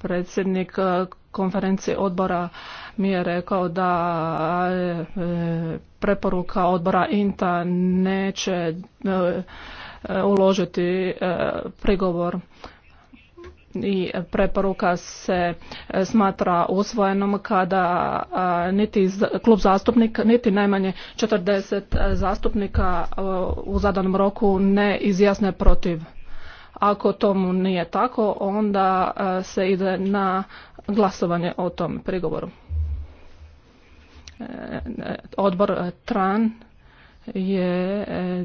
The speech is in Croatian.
predsjednik eh, konferencije odbora mi je rekao da eh, preporuka odbora INTA neće eh, uložiti prigovor i preporuka se smatra usvojenom kada niti klub zastupnika niti najmanje 40 zastupnika u zadanom roku ne izjasne protiv ako tomu nije tako, onda e, se ide na glasovanje o tom prigovoru. E, e, odbor TRAN je